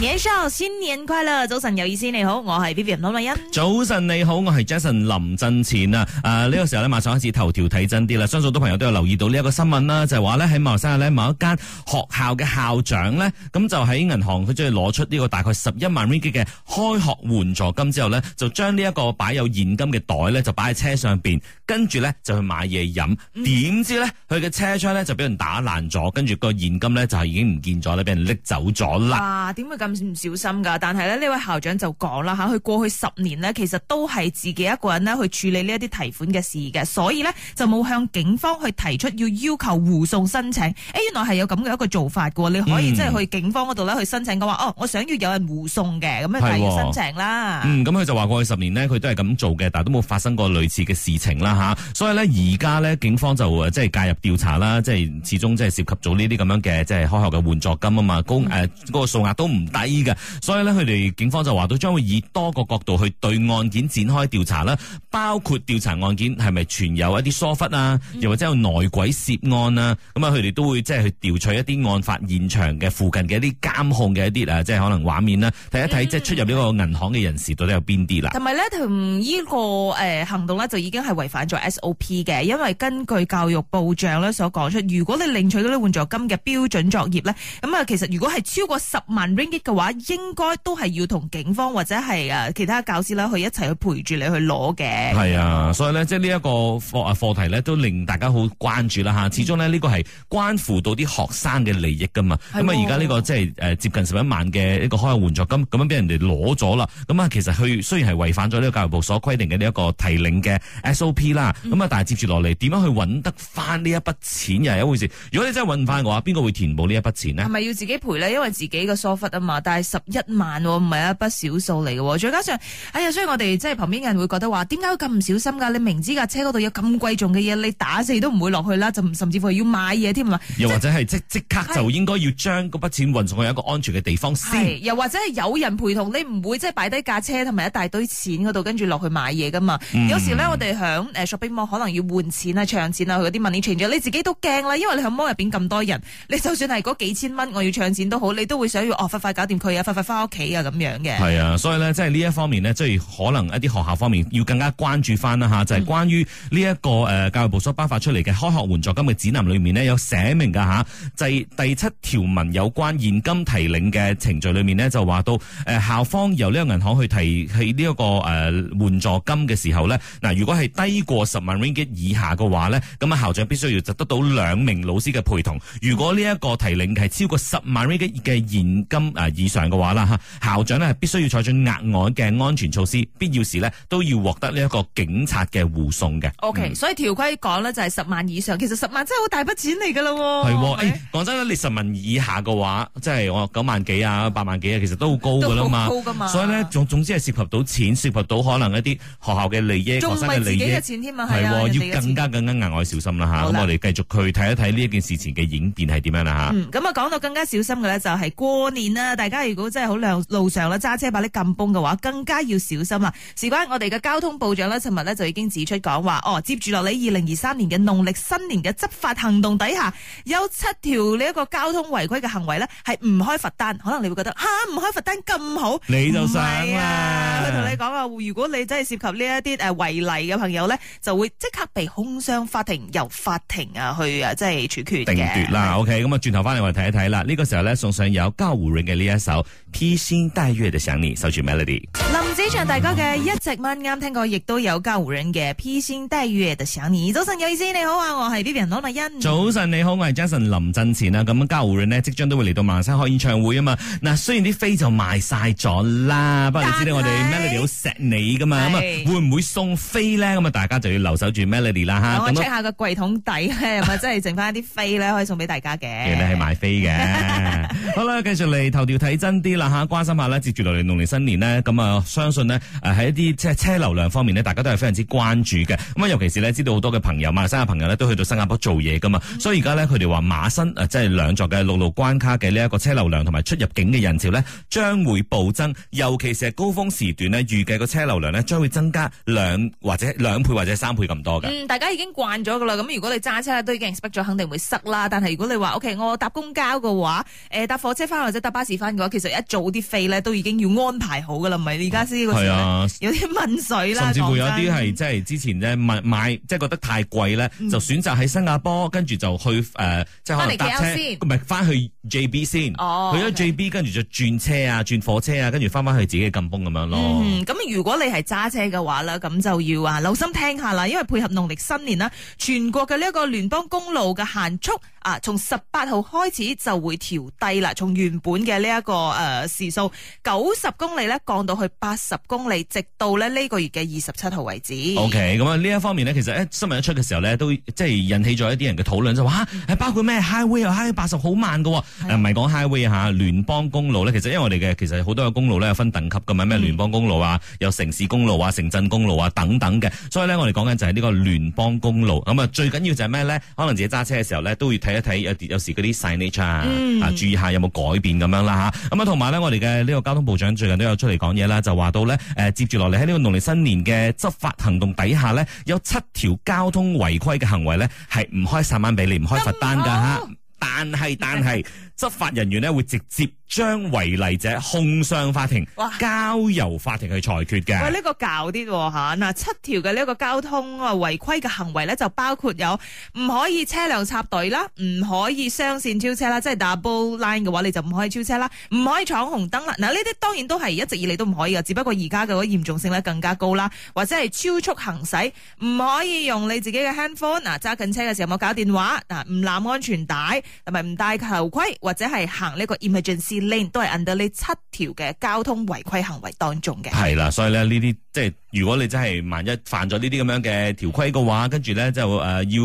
年新年快樂，早晨有意思你好，我係 Vivian 林麗欣。早晨你好，我係 Jason 林振前啊！誒、uh, 呢個時候呢， 馬上開始頭條睇真啲啦。相信好多朋友都有留意到呢一個新聞啦，就係、是、話呢，喺馬來西亞呢某一間學校嘅校長呢，咁就喺銀行佢中意攞出呢個大概十一萬 ringgit 嘅開學援助金之後呢，就將呢一個擺有現金嘅袋呢，就擺喺車上邊，跟住呢，就去買嘢飲。點、呃嗯、知呢，佢嘅車窗呢，就俾人打爛咗，跟住個現金呢，就係已經唔見咗啦，俾人拎走咗啦。點、啊、會咁？咁唔小心噶，但係呢，呢位校長就講啦吓，佢過去十年呢，其實都係自己一個人呢，去處理呢一啲提款嘅事嘅，所以呢，就冇向警方去提出要要求護送申請。誒，原來係有咁嘅一個做法嘅，你可以即係去警方嗰度呢，去申請嘅話、嗯，哦，我想要有人護送嘅，咁樣去申請啦。咁、嗯、佢就話過去十年呢，佢都係咁做嘅，但係都冇發生過類似嘅事情啦吓。所以呢，而家呢，警方就即係介入調查啦，即係始終即係涉及咗呢啲咁樣嘅即係開學嘅援助金啊嘛，嗰、嗯嗰個數額都唔嘅，所以咧，佢哋警方就話到將會以多個角度去對案件展開調查啦，包括調查案件係咪存有一啲疏忽啊，又或者有內鬼涉案啊。咁啊，佢哋都會即係去調取一啲案發現場嘅附近嘅一啲監控嘅一啲啊，即係可能畫面啦，睇一睇即係出入呢個銀行嘅人士到底有邊啲啦。同埋呢，同呢個誒行動呢，就已經係違反咗 SOP 嘅，因為根據教育部長呢所講出，如果你領取到啲援助金嘅標準作業呢，咁啊，其實如果係超過十萬 ringgit 嘅話應該都係要同警方或者係啊其他教師咧去一齊去陪住你去攞嘅。係啊，所以咧即係呢一個課啊課題咧都令大家好關注啦吓。始終呢，呢個係關乎到啲學生嘅利益噶嘛。咁啊而家呢個即係誒接近十一萬嘅一個開學援助金咁樣俾人哋攞咗啦。咁啊其實佢雖然係違反咗呢個教育部所規定嘅呢一個提領嘅 SOP 啦。咁啊但係接住落嚟點樣去揾得翻呢一筆錢又係一回事。如果你真係揾唔翻嘅話，邊個會填補呢一筆錢呢？係咪要自己賠咧？因為自己嘅疏忽啊嘛。但係十一萬唔係一筆小數嚟嘅。哦，再加上哎呀，所以我哋即係旁邊嘅人會覺得話，點解咁唔小心噶？啊？你明知架車嗰度有咁貴重嘅嘢，你打死都唔會落去啦，甚至乎要買嘢添。又或者係即即，即刻就應該要將嗰筆錢運送去一個安全嘅地方先。又或者係有人陪同，你唔會即係擺低架車同埋一大堆錢嗰度，跟住落去買嘢噶嘛。嗯？有時咧，我哋響誒 shopping mall 可能要換錢啊、唱錢啊嗰啲 money changer 你自己都驚啦，因為你響 mall 入邊咁多人，你就算係嗰幾千蚊我要唱錢都好，你都會想要哦，快快搞掂佢啊，快快翻屋企啊，咁樣嘅。係啊，所以咧，即係呢一方面呢，即係可能一啲學校方面要更加關注翻啦吓，就係、是、關於呢一個誒，教育部所頒發出嚟嘅開學援助金嘅指南裏面呢，有寫明噶吓，就係、是、第七條文有關現金提領嘅程序裏面呢，就話到誒校方由呢個銀行去提起呢一個誒、呃、援助金嘅時候呢。嗱如果係低過十萬 ringgit 以下嘅話呢，咁啊校長必須要就得到兩名老師嘅陪同。如果呢一個提領係超過十萬 ringgit 嘅現金。以上嘅話啦吓，校長呢係必須要採取額外嘅安全措施，必要時呢都要獲得呢一個警察嘅護送嘅。O、okay, K，、嗯、所以條規講呢就係十萬以上，其實十萬真係好大筆錢嚟噶啦。係、哦，誒，講、哎、真啦，你十萬以下嘅話，即係我九萬幾啊，八萬幾啊，其實都好高噶啦嘛，嘛。所以呢，總總之係涉及到錢，涉及到可能一啲學校嘅利益，學生嘅利益，仲唔係自己嘅錢添啊？係、哦、要更加更加額外小心啦、啊、吓。咁我哋繼續去睇一睇呢一件事情嘅演變係點樣啦吓。咁啊，講、嗯、到更加小心嘅咧，就係過年啦。大家如果真係好亮路上咧揸車把啲咁崩嘅話，更加要小心啦。事關我哋嘅交通部長呢，尋日呢就已經指出講話，哦，接住落嚟二零二三年嘅農曆新年嘅執法行動底下，有七條呢一個交通違規嘅行為呢，係唔開罰單。可能你會覺得吓唔、啊、開罰單咁好，你就想啦。佢同、啊、你講啊，如果你真係涉及呢一啲誒違例嘅朋友呢，就會即刻被控上法庭，由法庭啊去啊即係處決定奪啦。OK，咁啊轉頭翻嚟我哋睇一睇啦。呢、這個時候呢，送上有交換嘅呢。一首。披星戴月的想你，守住 Melody。林子祥大哥嘅一直蚊啱聽過，亦都有交湖人嘅披星戴月的想你。早晨，有意思你好啊，我係呢 B 人羅麥欣。早晨你好，我係 Jason 林振前啊，咁交湖人咧即將都會嚟到馬生開演唱會啊嘛。嗱，雖然啲飛就賣晒咗啦，不過你知道我哋 Melody 好錫你噶嘛，咁啊會唔會送飛咧？咁啊大家就要留守住 Melody 啦吓。咁啊，我 check 下個櫃桶底咧，有 冇真係剩翻一啲飛咧，可以送俾大家嘅。原來係買飛嘅。 好啦，繼續嚟頭條睇真啲。嗱，下關心下咧，接住落嚟農曆新年呢，咁啊，相信呢，誒喺一啲即係車流量方面呢，大家都係非常之關注嘅。咁啊，尤其是呢，知道好多嘅朋友馬來西亞朋友呢都去到新加坡做嘢噶嘛，所以而家呢，佢哋話馬新即係兩座嘅陸路關卡嘅呢一個車流量同埋出入境嘅人潮呢，將會暴增，尤其是係高峰時段呢，預計個車流量呢，將會增加兩或者兩倍或者三倍咁多嘅、嗯。大家已經慣咗噶啦，咁如果你揸車咧都已經 expect 咗，肯定會塞啦。但係如果你話 OK，我搭公交嘅話，誒、呃、搭火車翻或者搭巴士翻嘅話，其實一早啲飛咧都已經要安排好㗎啦，唔係你而家先個時呢、啊、有啲問水啦，甚至會有啲係即係之前咧買買即係覺得太貴咧、嗯，就選擇喺新加坡跟住就去誒，即、呃、係可能搭車，唔係翻去。J B 先，哦、去咗 J B，跟住就轉車啊，轉火車啊，跟住翻翻去自己嘅禁峯咁樣咯。嗯，咁如果你係揸車嘅話啦，咁就要啊留心聽下啦，因為配合農曆新年啦，全國嘅呢一個聯邦公路嘅限速啊，從十八號開始就會調低啦，從原本嘅呢一個誒、呃、時速九十公里咧，降到去八十公里，直到咧呢個月嘅二十七號為止。O K，咁啊呢一方面呢，其實誒新聞一出嘅時候咧，都即係引起咗一啲人嘅討論，就話、啊、包括咩 Highway 又 High 八十好慢喎。誒、啊，唔係講 highway 嚇、啊，聯邦公路咧，其實因為我哋嘅其實好多嘅公路咧，有分等級噶嘛，咩聯邦公路啊，有城市公路啊，城鎮公路啊等等嘅，所以咧我哋講緊就係呢個聯邦公路。咁啊，最緊要就係咩咧？可能自己揸車嘅時候咧，都要睇一睇有有時嗰啲 signage 啊，嗯、啊，注意下有冇改變咁樣啦吓，咁啊，同埋咧，我哋嘅呢個交通部長最近都有出嚟講嘢啦，就話到咧、呃，接住落嚟喺呢個農曆新年嘅執法行動底下咧，有七條交通違規嘅行為咧係唔開十萬俾你，唔開罰單㗎吓，但係但係。但執法人員咧會直接。將違例者控上法庭哇，交由法庭去裁決嘅。喂，呢、這個搞啲吓嗱，七條嘅呢個交通啊違規嘅行為咧，就包括有唔可以車輛插隊啦，唔可以雙線超車啦，即係 double line 嘅話，你就唔可以超車啦，唔可以闖紅燈啦。嗱、啊，呢啲當然都係一直以嚟都唔可以㗎，只不過而家嘅嚴重性咧更加高啦，或者係超速行駛，唔可以用你自己嘅 handphone 嗱揸緊車嘅時候冇搞電話嗱，唔、啊、攬安全帶同埋唔戴頭盔或者係行呢個 emergency。都係按照你七條嘅交通違規行為當中嘅，係啦，所以咧呢啲即係如果你真係萬一犯咗呢啲咁樣嘅條規嘅話，跟住咧就誒、呃、要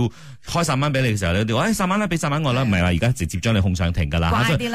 開十蚊俾你嘅時候咧，你欸、我誒十蚊啦，俾十蚊我啦，唔係話而家直接將你控上庭噶啦，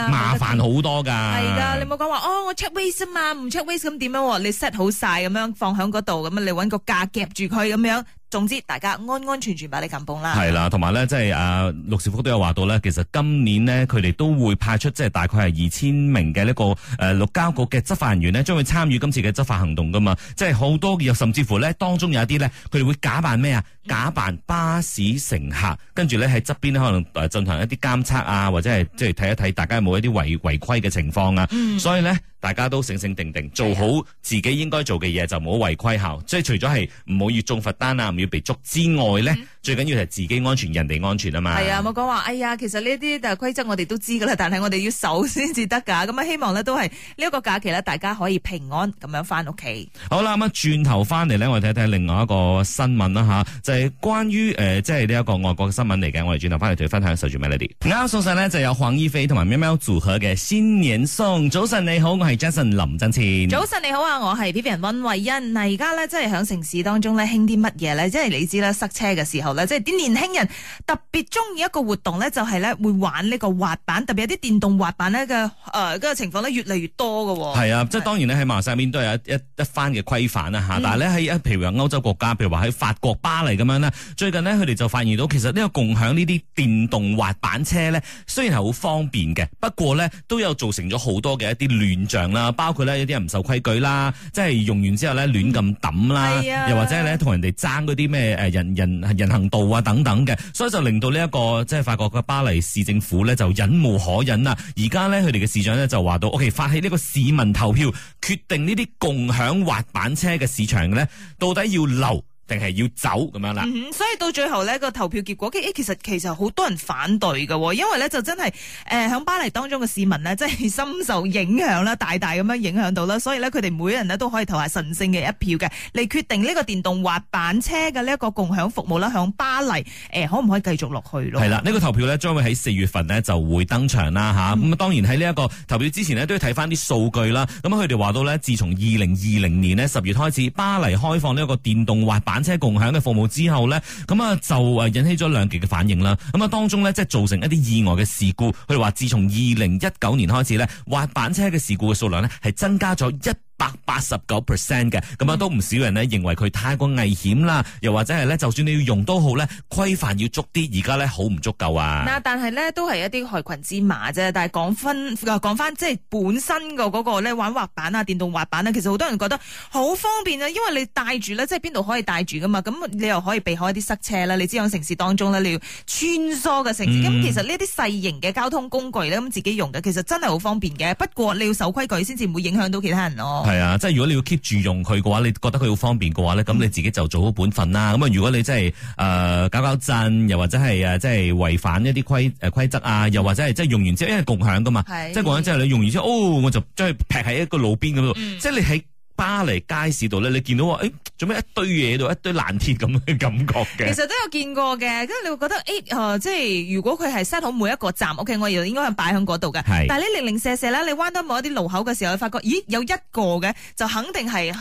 麻煩好多噶，係噶，你冇講話哦，我 check waste 啊嘛，唔 check waste 咁點樣，樣、啊？你 set 好晒咁樣放喺嗰度，咁樣你搵個架夾住佢咁樣。總之，大家安安全全把你擒捕啦。係啦，同埋咧，即係阿陸兆福都有話到咧，其實今年呢，佢哋都會派出即係、就是、大概係二千名嘅呢、這個誒，陸、呃、交局嘅執法人員呢，將會參與今次嘅執法行動噶嘛。即係好多，又甚至乎呢當中有一啲呢，佢哋會假扮咩啊？假扮巴士乘客，跟住咧喺側邊咧可能誒進行一啲監測啊，或者係即係睇一睇大家有冇一啲違違規嘅情況啊、嗯。所以咧，大家都醒醒定定，做好自己應該做嘅嘢，就冇違規效。即、嗯、係除咗係唔好要中罰單啊，唔要被捉之外咧。嗯。最緊要係自己安全，人哋安全啊嘛！係啊，冇講話，哎呀，其實呢啲就係規則，我哋都知噶啦。但係我哋要守先至得噶，咁啊，希望呢都係呢一個假期咧，大家可以平安咁樣翻屋企。好啦，咁啊，轉頭翻嚟咧，我哋睇睇另外一個新聞啦吓，就係、是、關於誒、呃，即係呢一個外國嘅新聞嚟嘅。我哋轉頭翻嚟同你分享《壽主 melody》。啱送上呢，就是、有黃伊菲同埋喵喵組合嘅《新年頌》。早晨你好，我係 Jason 林振千。早晨你好啊，我係 Vivian 温慧欣。嗱，而家咧即係響城市當中咧興啲乜嘢咧？即係你知啦，塞車嘅時候。即係啲年輕人特別中意一個活動咧，就係咧會玩呢個滑板，特別係啲電動滑板咧嘅，誒嗰個情況咧越嚟越多嘅。係啊，啊，即係當然咧喺馬上面都有一一番嘅規範啦嚇、嗯，但係咧喺譬如話歐洲國家，譬如話喺法國巴黎咁樣呢，最近呢佢哋就發現到其實呢個共享呢啲電動滑板車咧，雖然係好方便嘅，不過咧都有造成咗好多嘅一啲亂象啦，包括咧有啲人唔守規矩啦，即係用完之後咧亂咁抌啦，又或者咧同人哋爭嗰啲咩誒人人人，人度啊等等嘅，所以就令到呢一個即係法國嘅巴黎市政府咧就忍無可忍啦。而家咧佢哋嘅市長咧就話到，OK 發起呢個市民投票，決定呢啲共享滑板車嘅市場咧到底要留，定係要走咁樣啦，所以到最後呢個投票結果，誒其實其實好多人反對嘅，因為呢就真係誒響巴黎當中嘅市民呢，真係深受影響啦，大大咁樣影響到啦，所以呢，佢哋每個人呢都可以投下神聖嘅一票嘅，嚟決定呢個電動滑板車嘅呢一個共享服務啦，響巴黎誒、呃、可唔可以繼續落去咯？係啦，呢個投票呢將會喺四月份呢就會登場啦，吓咁啊當然喺呢一個投票之前呢，都要睇翻啲數據啦，咁佢哋話到呢，自從二零二零年呢十月開始，巴黎開放呢一個電動滑板。板車共享嘅服務之後咧，咁啊就誒引起咗兩極嘅反應啦。咁啊當中咧，即係造成一啲意外嘅事故。佢哋話，自從二零一九年開始咧，滑板車嘅事故嘅數量咧係增加咗一百八十九 percent 嘅，咁啊都唔少人呢，認為佢太過危險啦，又或者係咧，就算你要用都好咧，規範要足啲。而家咧好唔足夠啊！嗱，但係咧都係一啲害群之馬啫。但係講分，講講翻即係本身個嗰個咧玩滑板啊，電動滑板啊，其實好多人覺得好方便啊，因為你帶住咧，即係邊度可以帶住噶嘛。咁你又可以避開一啲塞車啦。你知響城市當中咧，你要穿梭嘅城市，咁、嗯、其實呢啲細型嘅交通工具咧，咁自己用嘅，其實真係好方便嘅。不過你要守規矩先至唔會影響到其他人咯。係啊，即係如果你要 keep 住用佢嘅話，你覺得佢好方便嘅話咧，咁你自己就做好本分啦。咁、嗯、啊，如果你真係誒搞搞震，又或者係啊，即、就、係、是、違反一啲規誒、呃、規則啊，又或者係即係用完之後，因為共享噶嘛，即係共享之後你用完之後，哦，我就將佢劈喺一個路邊咁樣、嗯，即係你喺。巴黎街市度咧，你見到話、欸，做咩一堆嘢度，一堆爛鐵咁嘅感覺嘅。其實都有見過嘅，咁你會覺得，誒、欸呃，即係如果佢係 set 好每一個站，OK，我而家應該係擺喺嗰度嘅。但係你零零舍舍咧，你彎到某一啲路口嘅時候，你發覺，咦，有一個嘅就肯定係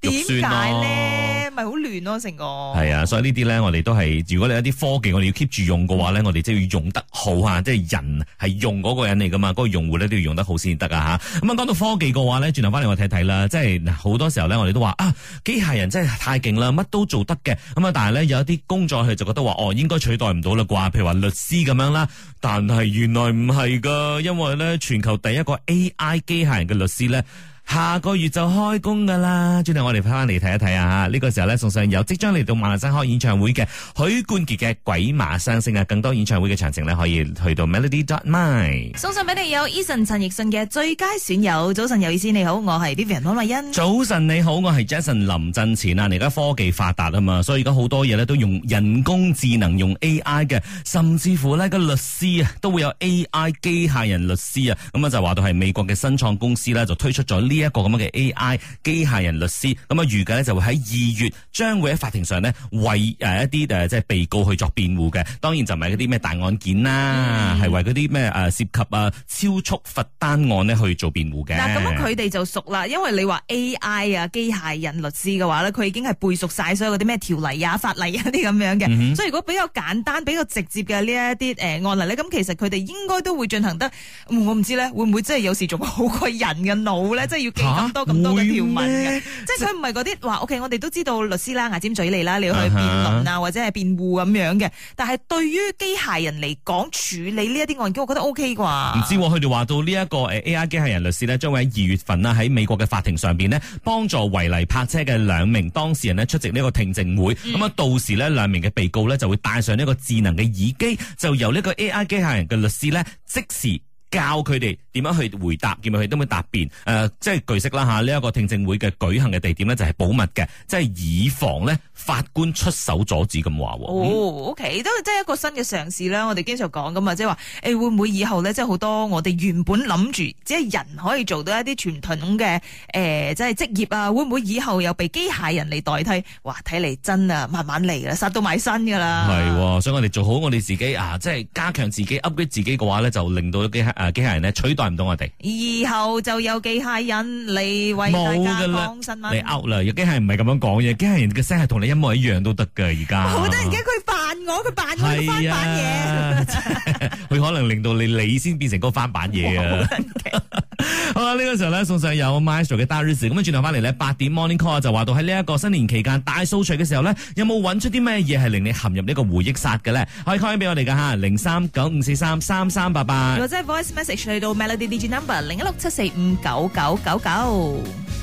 點解咧？咪好亂咯，成、啊啊、個係啊！所以呢啲咧，我哋都係，如果你有一啲科技，我哋要 keep 住用嘅話咧，我哋即係要用得好啊！即係人係用嗰個人嚟㗎嘛，嗰、嗰個用戶咧都要用得好先得啊！嚇咁啊，講到科技嘅話咧，轉頭翻嚟我睇睇啦，即係。好多時候咧，我哋都話啊，機械人真係太勁啦，乜都做得嘅咁啊！但係咧，有一啲工作佢就覺得話，哦，應該取代唔到啦啩？譬如話律師咁樣啦，但係原來唔係噶，因為咧全球第一個 AI 機械人嘅律師咧。下個月就開工噶啦，轉頭我哋翻翻嚟睇一睇啊吓，呢個時候咧送上由即將嚟到馬來西亞開演唱會嘅許冠傑嘅《鬼馬雙星》啊，更多演唱會嘅詳情呢，可以去到 melody.my 送上俾你有 Eason 陳奕迅嘅最佳損友，早晨有意思你好，我係 Livia 安麗欣，早晨你好，我係 Jason 林振前啊，而家科技發達啊嘛，所以而家好多嘢咧都用人工智能用 AI 嘅，甚至乎呢個律師啊都會有 AI 機械人律師啊，咁啊就話到係美國嘅新創公司咧就推出咗呢。一個咁嘅 AI 機械人律師，咁啊預計咧就會喺二月將會喺法庭上呢為誒一啲，誒即係被告去作辯護嘅。當然就唔係嗰啲咩大案件啦，係、嗯、為嗰啲咩誒涉及啊超速罰單案呢去做辯護嘅。嗱、嗯，咁佢哋就熟啦，因為你話 AI 啊機械人律師嘅話呢，佢已經係背熟晒所有嗰啲咩條例啊法例啊啲咁樣嘅、嗯。所以如果比較簡單比較直接嘅呢一啲誒案例咧，咁其實佢哋應該都會進行得我唔知咧，會唔會真係有時仲好過人嘅腦咧？即係。要記咁多咁多嘅條文嘅，即係佢唔係嗰啲話。O、OK, K，我哋都知道律師啦、牙尖嘴利啦，你要去辯論啊，uh -huh. 或者係辯護咁樣嘅。但係對於機械人嚟講，處理呢一啲案件，我覺得 O K 啩。唔知喎，佢哋話到呢一個誒 A I 機械人律師呢，將會喺二月份啊喺美國嘅法庭上邊呢，幫助違例泊車嘅兩名當事人咧出席呢個聽證會。咁、嗯、啊，到時呢，兩名嘅被告呢，就會戴上呢個智能嘅耳機，就由呢個 A I 機械人嘅律師呢，即時教佢哋。點樣去回答？點樣去都唔會答辯。誒、呃，即係據悉啦嚇，呢、這、一個聽證會嘅舉行嘅地點呢，就係保密嘅，即係以防呢法官出手阻止咁話。哦、嗯、OK，都即係一個新嘅嘗試啦。我哋經常講噶嘛，即係話誒，會唔會以後呢？即係好多我哋原本諗住即係人可以做到一啲傳統嘅誒，即係職業啊，會唔會以後又被機械人嚟代替？哇！睇嚟真啊，慢慢嚟啦，殺到埋身㗎啦。係、哦，所以我哋做好我哋自己啊，即、就、係、是、加強自己 update 自己嘅話呢，就令到機械誒機械人呢取唔到我哋，以後就有機械人嚟為大家講新聞，你 out 啦！如果機械唔係咁樣講嘢，機械人個聲係同你一模一樣都得嘅。而家好得人驚，佢扮我，佢扮嗰個翻版嘢，佢 可能令到你你先變成嗰個翻版嘢啊！ 好啦！呢個時候咧，送上有 Maestro 嘅 Darius，咁轉頭翻嚟咧，八點 Morning Call 就話到喺呢一個新年期間大掃除嘅時候咧，有冇揾出啲咩嘢係令你陷入呢個回憶殺嘅咧？可以 call 俾我哋噶吓，零三九五四三三三八八，或者 Voice Message 去到 Melody Digi Number 零一六七四五九九九九。